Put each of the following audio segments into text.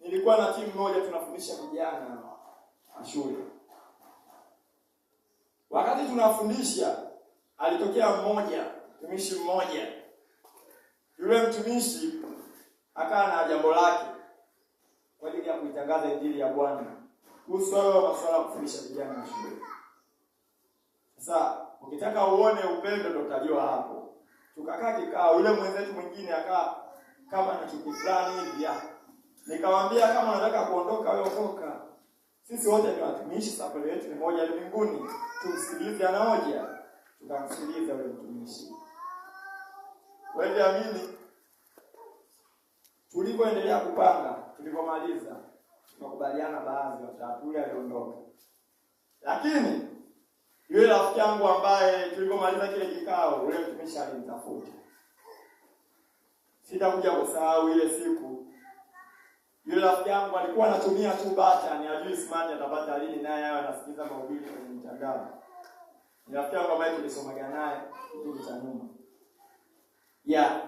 Nilikuwa na timu moja tunafundisha vijana shule. Wakati tunafundisha alitokea mmoja, mtumishi mmoja. Yule mtumishi akawa na jambo lake kwa ajili ya kuitangaza injili ya Bwana kuhusu hayo masuala ya kufundisha vijana na shule. Sasa ukitaka uone upendo ndio utajua hapo. Tukakaa kikao, yule mwenzetu mwingine akaa kama na kitu fulani hivi Nikamwambia kama nataka kuondoka wewe ondoka. Sisi wote ni watumishi, safari yetu ni moja mbinguni. Tumsikilize anaoja. Tukamsikiliza yule mtumishi. Wewe amini. Tulipoendelea kupanga, tulipomaliza, tukakubaliana baadhi watu wale waliondoka. Lakini yule rafiki yangu ambaye tulipomaliza kile kikao, yule mtumishi alinitafuta. Sitakuja kusahau ile siku yule rafiki yangu alikuwa anatumia tu bata, ni ajui smart atapata lini, naye awe anasikiliza mahubiri kwenye mtandao. Ni rafiki yangu ambaye tulisomaga naye kipindi cha nyuma. Yeah.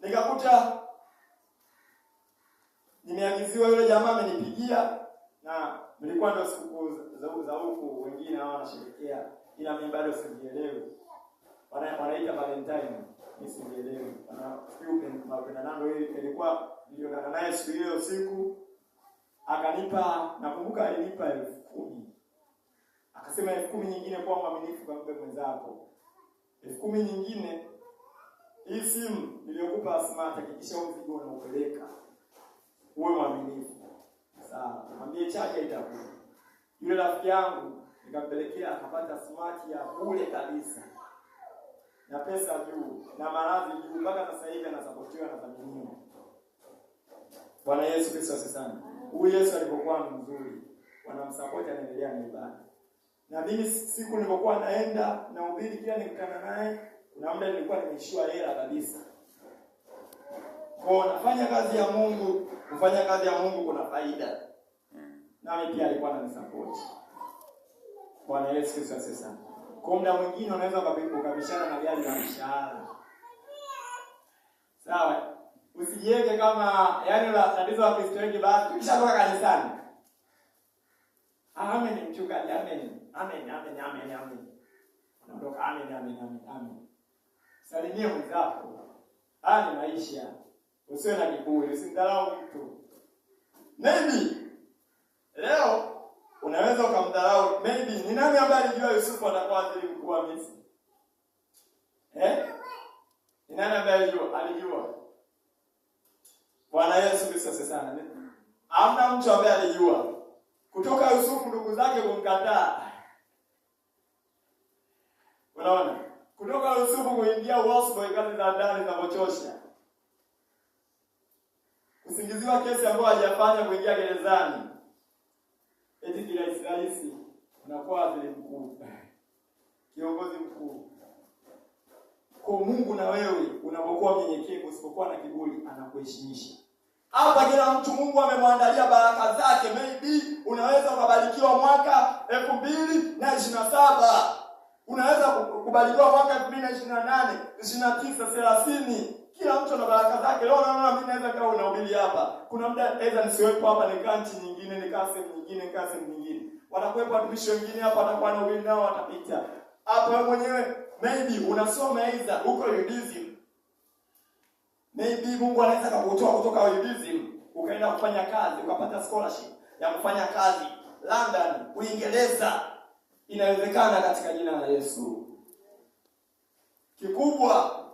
Nikakuta nimeagiziwa yule jamaa amenipigia na nilikuwa ndio siku za za huku wengine hao wanasherehekea ila mimi bado sijielewi. Wanaita Valentine, mimi sijielewi. Wana mapenda pendana hili ilikuwa nilionana naye siku hiyo siku, akanipa nakumbuka, alinipa elfu kumi akasema elfu kumi nyingine kwa mwaminifu kampe mwenzako, elfu kumi nyingine hii simu niliyokupa smart, hakikisha huu mzigo unaupeleka, uwe mwaminifu. Sawa, mwambie chaje itakuwa. Yule rafiki yangu nikampelekea, akapata smart ya bure kabisa na pesa juu na maradhi juu, mpaka sasa hivi anasapotiwa na familia Bwana Yesu Kristo asisana. Huyu Yesu alipokuwa mzuri, wanamsupport anaendelea na ibada. Na mimi siku nilipokuwa naenda na nahubiri kila nikutana naye, kuna muda nilikuwa nimeishiwa hela kabisa. Kwa nafanya kazi ya Mungu, kufanya kazi ya Mungu kuna faida. Nami pia alikuwa ananisupport. Bwana Yesu Kristo asisana. Kwa muda mwingine unaweza ukabishana na gari la mshahara tusijiweke kama yani la tatizo la Kristo wengi basi tukishatoka kanisani. Amen mchungaji, amen. Amen, amen, amen, amen. Unaondoka amen, amen, amen, amen. Salimie mwenzako. Haya ni maisha. Usiwe na kiburi, usimdharau mtu. Maybe leo unaweza ukamdharau. Maybe ni nani ambaye alijua Yusufu atakuwa waziri mkuu wa Misri? Eh? Ni nani ambaye alijua? Alijua. Bwana Yesu Kristo sana. Hamna mtu ambaye alijua kutoka Yusufu ndugu zake kumkataa. Unaona? Kutoka Yusufu kuingia Wolfsburg kazi za ndani zinapochosha. Kusingiziwa kesi ambayo hajafanya kuingia gerezani. Eti kila Israeli unakuwa waziri mkuu. Kiongozi mkuu. Kwa Mungu na wewe unapokuwa mnyenyekevu, usipokuwa na kiburi, anakuheshimisha. Hapa kila mtu Mungu amemwandalia baraka zake. Maybe unaweza ukabarikiwa mwaka elfu mbili na ishirini na saba unaweza kubarikiwa mwaka elfu mbili na ishirini na nane ishirini na tisa thelathini kila mtu ana baraka zake. Leo naona mimi naweza kawa unahubiri hapa, kuna muda naweza nisiwepo hapa, nikaa nchi nyingine, nikaa sehemu nyingine, nikaa sehemu nyingine, watakuwepo watumishi wengine hapa, watakuwa na ubili nao watapita hapa. Wewe mwenyewe maybe unasoma iza uko yudizim maybe Mungu anaweza kukutoa kutoka yudizim ukaenda kufanya kazi, ukapata scholarship ya kufanya kazi London, Uingereza. Inawezekana katika jina la Yesu. Kikubwa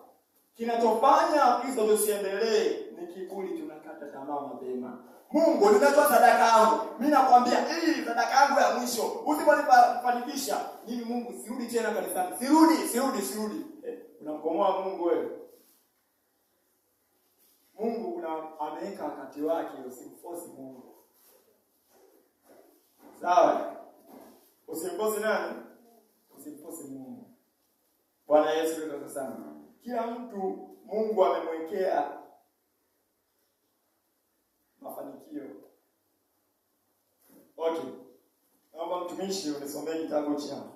kinachofanya hizo tusiendelee ni kiburi usikate tamaa mapema. Hmm. Mungu, nimetoa sadaka yangu. Mimi nakwambia hii sadaka yangu ya mwisho. Usiponifanikisha, mimi Mungu sirudi tena kanisani. Sirudi, sirudi, sirudi. Eh, unamkomoa Mungu wewe. Mungu una ameweka wakati wake, usimforce Mungu. Sawa? Usimforce nani? Usimforce Mungu. Bwana Yesu ndiye sana. Kila mtu Mungu amemwekea Okay, naomba mtumishi unisomee kitabu cha